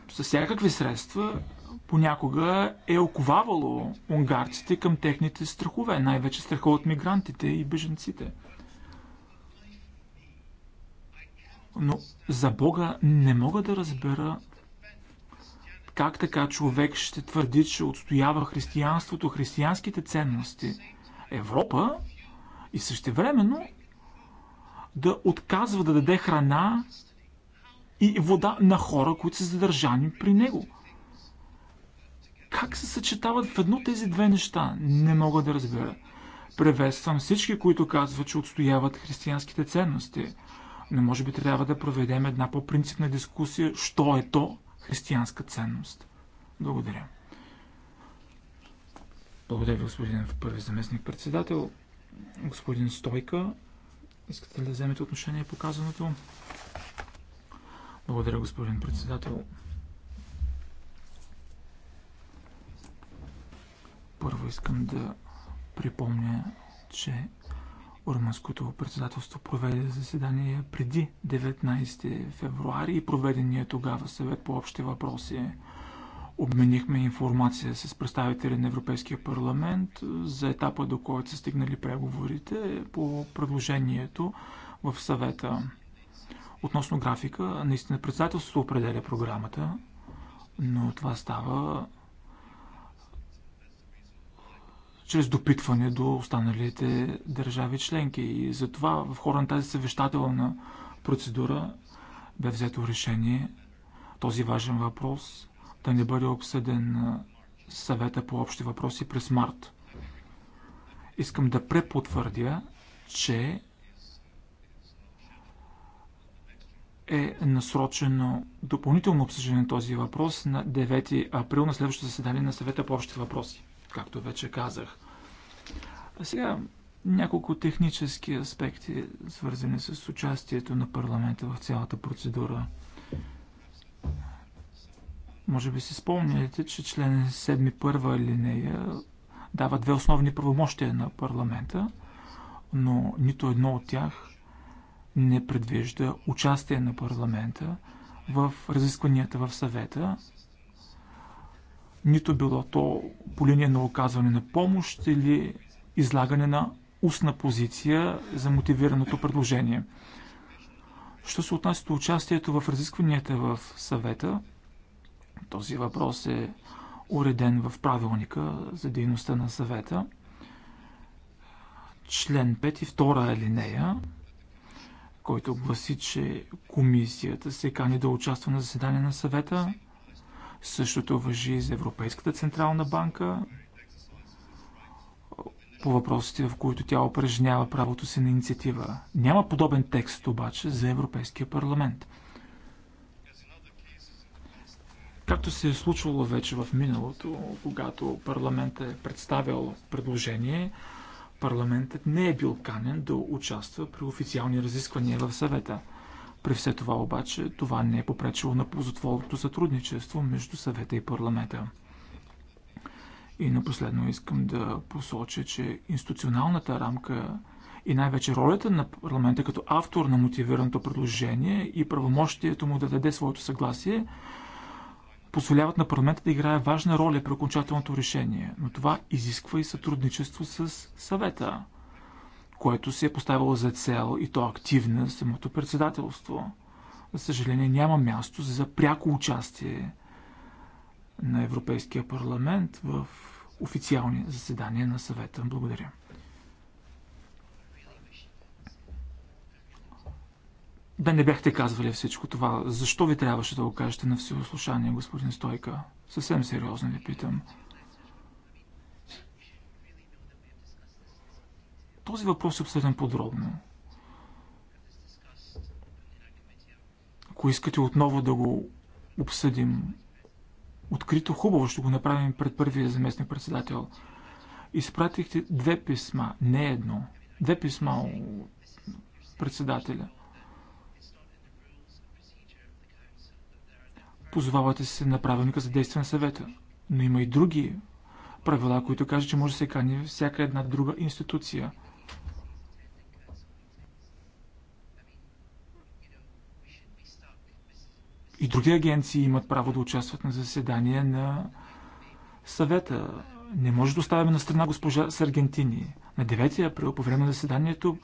със всякакви средства понякога е оковавало унгарците към техните страхове, най-вече страха от мигрантите и беженците. Но за Бога не мога да разбера как така човек ще твърди, че отстоява християнството, християнските ценности, Европа и същевременно да отказва да даде храна и вода на хора, които са задържани при него. Как се съчетават в едно тези две неща? Не мога да разбера. Превествам всички, които казват, че отстояват християнските ценности – но може би трябва да проведем една по-принципна дискусия, що е то християнска ценност. Благодаря. Благодаря ви, господин първи заместник председател. Господин Стойка, искате ли да вземете отношение по казаното? Благодаря, господин председател. Първо искам да припомня, че Румънското председателство проведе заседание преди 19 февруари и проведения тогава съвет по общи въпроси. Обменихме информация с представители на Европейския парламент за етапа до който са стигнали преговорите по предложението в съвета. Относно графика, наистина председателството определя програмата, но това става чрез допитване до останалите държави членки. И затова в хора на тази съвещателна процедура бе взето решение този важен въпрос да не бъде обсъден на съвета по общи въпроси през март. Искам да препотвърдя, че е насрочено допълнително обсъждане на този въпрос на 9 април на следващото заседание на съвета по общи въпроси както вече казах. А сега няколко технически аспекти, свързани с участието на парламента в цялата процедура. Може би си спомняте, че член 7 първа линия дава две основни правомощия на парламента, но нито едно от тях не предвижда участие на парламента в разискванията в съвета нито било то по линия на оказване на помощ или излагане на устна позиция за мотивираното предложение. Що се отнася до участието в разискванията в съвета, този въпрос е уреден в правилника за дейността на съвета. Член 5 и 2 алинея, който гласи, че комисията се кани да участва на заседание на съвета – Същото въжи и за Европейската централна банка по въпросите, в които тя упражнява правото си на инициатива. Няма подобен текст обаче за Европейския парламент. Както се е случвало вече в миналото, когато парламентът е представял предложение, парламентът не е бил канен да участва при официални разисквания в съвета – при все това обаче, това не е попречило на ползотворното сътрудничество между съвета и парламента. И на последно искам да посоча, че институционалната рамка и най-вече ролята на парламента като автор на мотивираното предложение и правомощието му да даде своето съгласие позволяват на парламента да играе важна роля при окончателното решение, но това изисква и сътрудничество с съвета – което се е поставило за цел и то активно самото председателство. За съжаление няма място за пряко участие на Европейския парламент в официални заседания на съвета. Благодаря. Да не бяхте казвали всичко това. Защо ви трябваше да го кажете на всеослушание, господин Стойка? Съвсем сериозно ви питам. Този въпрос е обсъден подробно. Ако искате отново да го обсъдим открито, хубаво ще го направим пред първия заместник председател. Изпратихте две писма, не едно. Две писма от председателя. Позовавате се на правилника за действие на съвета, но има и други правила, които кажат, че може да се кани всяка една друга институция – и други агенции имат право да участват на заседание на съвета. Не може да оставяме на страна госпожа Саргентини. На 9 април по време на заседанието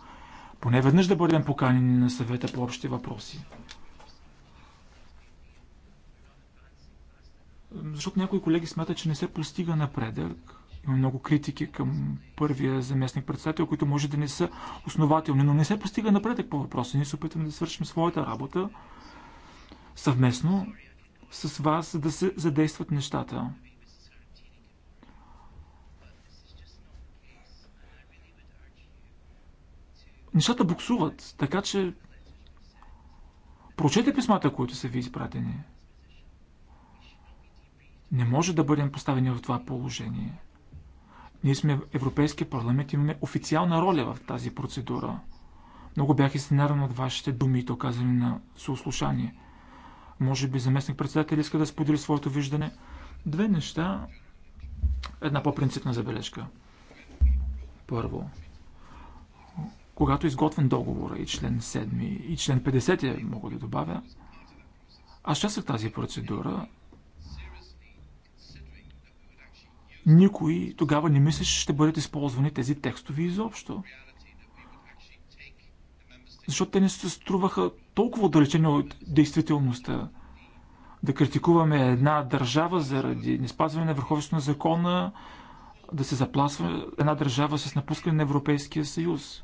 поне веднъж да бъдем поканени на съвета по общи въпроси. Защото някои колеги смятат, че не се постига напредък. Има много критики към първия заместник председател, които може да не са основателни, но не се постига напредък по въпроса. Ние се опитваме да свършим своята работа съвместно с вас да се задействат нещата. Нещата буксуват, така че прочете писмата, които са ви изпратени. Не може да бъдем поставени в това положение. Ние сме в Европейския парламент, имаме официална роля в тази процедура. Много бях изненадан от вашите думи и то казани на съослушание. Може би заместник председател иска да сподели своето виждане. Две неща. Една по-принципна забележка. Първо, когато е изготвен договора и член 7 и член 50 е, мога да добавя, аз част тази процедура никой тогава не че ще бъдат използвани тези текстове изобщо. Защото те не се струваха толкова отдалечени от действителността. Да критикуваме една държава заради неспазване на върховенството на закона, да се запласва една държава с напускане на Европейския съюз.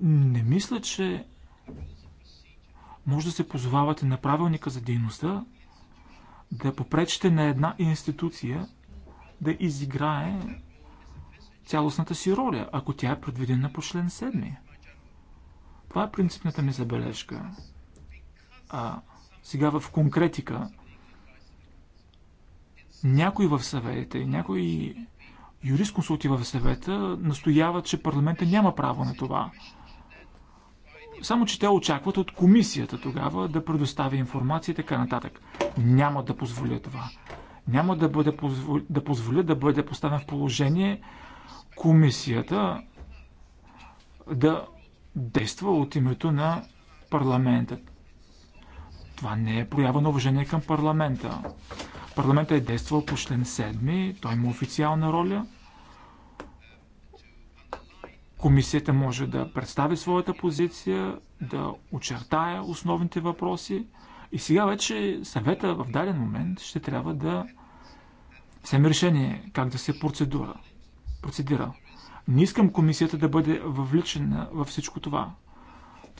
Не мисля, че може да се позовавате на правилника за дейността, да попречите на една институция – да изиграе цялостната си роля, ако тя е предвидена по член 7. Това е принципната ми забележка. А сега в конкретика, някои в съвета и някои юрисконсулти в съвета настояват, че парламента няма право на това. Само, че те очакват от комисията тогава да предостави информация и така нататък. Няма да позволя това няма да, бъде позволя, да позволя да бъде поставен в положение комисията да действа от името на парламента. Това не е проява на уважение към парламента. Парламентът е действал по член 7, той има официална роля. Комисията може да представи своята позиция, да очертая основните въпроси, и сега вече съвета в даден момент ще трябва да вземе решение как да се процедура. процедира. Не искам комисията да бъде въвличена във всичко това,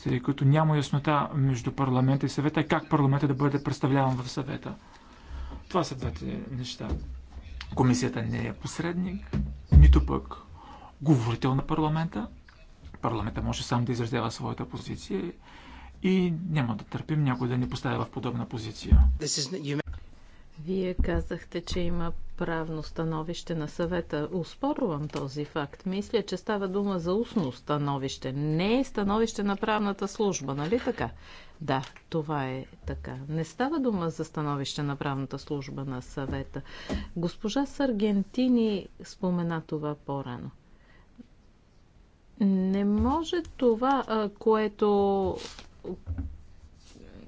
тъй като няма яснота между парламента и съвета как парламента да бъде представляван в съвета. Това са двете неща. Комисията не е посредник, нито пък говорител на парламента. Парламента може сам да изразява своята позиция и няма да търпим някой да ни поставя в подобна позиция. Вие казахте, че има правно становище на съвета. Успорвам този факт. Мисля, че става дума за устно становище. Не е становище на правната служба, нали така? Да, това е така. Не става дума за становище на правната служба на съвета. Госпожа Саргентини спомена това по-рано. Не може това, което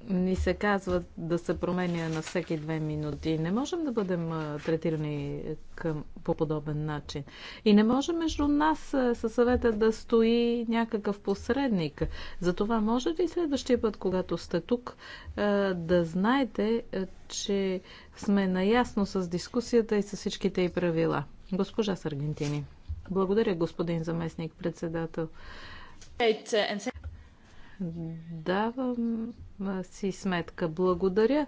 ни се казват да се променя на всеки две минути. Не можем да бъдем третирани е, към, по подобен начин. И не може между нас е, със съвета да стои някакъв посредник. Затова може ли следващия път, когато сте тук, е, да знаете, че сме наясно с дискусията и с всичките и правила. Госпожа Саргентини. Благодаря, господин заместник председател. Давам си сметка. Благодаря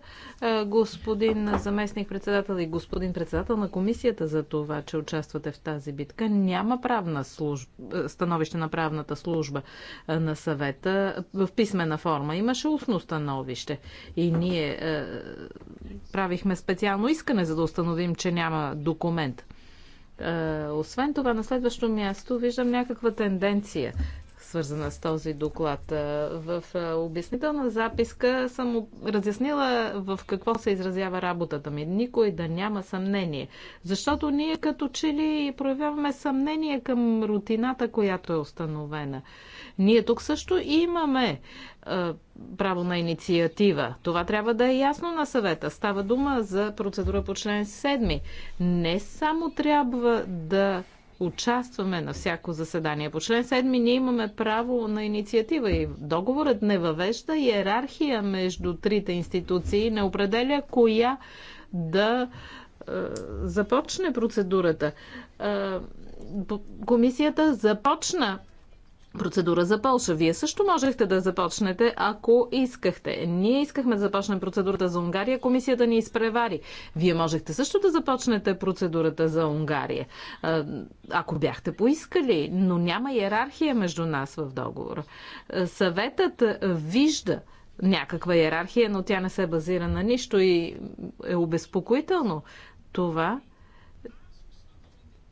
господин заместник председател и господин председател на комисията за това, че участвате в тази битка. Няма правна служба, становище на правната служба на съвета в писмена форма. Имаше устно становище и ние е, правихме специално искане, за да установим, че няма документ. Освен това, на следващо място виждам някаква тенденция свързана с този доклад. В обяснителна записка съм разяснила в какво се изразява работата ми. Никой да няма съмнение. Защото ние като че ли проявяваме съмнение към рутината, която е установена. Ние тук също имаме право на инициатива. Това трябва да е ясно на съвета. Става дума за процедура по член 7. Не само трябва да участваме на всяко заседание. По член 7 ние имаме право на инициатива и договорът не въвежда иерархия между трите институции, не определя коя да е, започне процедурата. Е, комисията започна процедура за Полша. Вие също можехте да започнете, ако искахте. Ние искахме да започнем процедурата за Унгария, комисията ни изпревари. Вие можехте също да започнете процедурата за Унгария, ако бяхте поискали, но няма иерархия между нас в договора. Съветът вижда някаква иерархия, но тя не се базира на нищо и е обезпокоително това,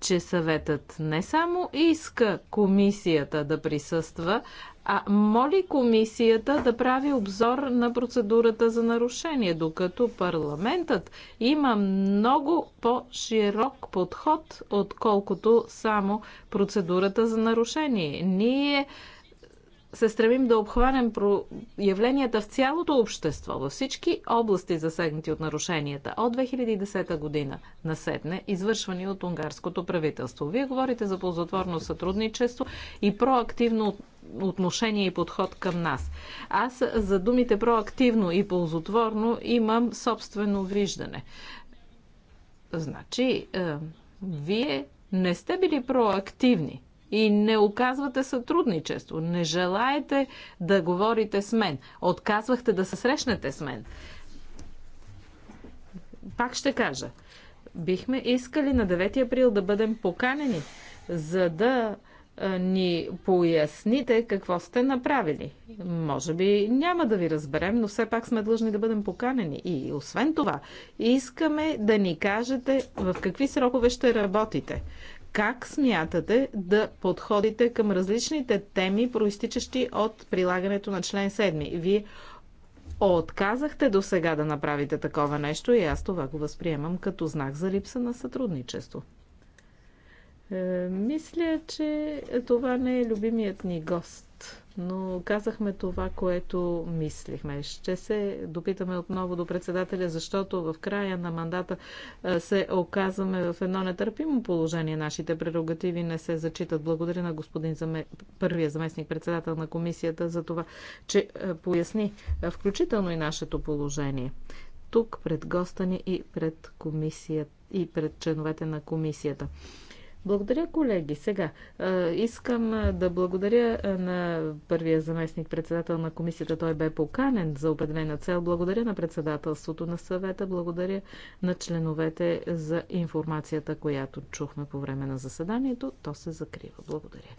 че съветът не само иска комисията да присъства, а моли комисията да прави обзор на процедурата за нарушение, докато парламентът има много по-широк подход, отколкото само процедурата за нарушение. Ние се стремим да обхванем явленията в цялото общество, във всички области засегнати от нарушенията от 2010 година на седне, извършвани от унгарското правителство. Вие говорите за ползотворно сътрудничество и проактивно отношение и подход към нас. Аз за думите проактивно и ползотворно имам собствено виждане. Значи, е, вие не сте били проактивни и не оказвате сътрудничество. Не желаете да говорите с мен. Отказвахте да се срещнете с мен. Пак ще кажа. Бихме искали на 9 април да бъдем поканени, за да ни поясните какво сте направили. Може би няма да ви разберем, но все пак сме длъжни да бъдем поканени. И освен това, искаме да ни кажете в какви срокове ще работите. Как смятате да подходите към различните теми, проистичащи от прилагането на член 7? Вие отказахте до сега да направите такова нещо и аз това го възприемам като знак за липса на сътрудничество. Е, мисля, че това не е любимият ни гост но казахме това, което мислихме. Ще се допитаме отново до председателя, защото в края на мандата се оказваме в едно нетърпимо положение. Нашите прерогативи не се зачитат. Благодаря на господин заме... първия заместник председател на комисията за това, че поясни включително и нашето положение. Тук пред госта ни и пред комисията и пред членовете на комисията. Благодаря, колеги. Сега искам да благодаря на първия заместник председател на комисията. Той бе поканен за определена цел. Благодаря на председателството на съвета. Благодаря на членовете за информацията, която чухме по време на заседанието. То се закрива. Благодаря.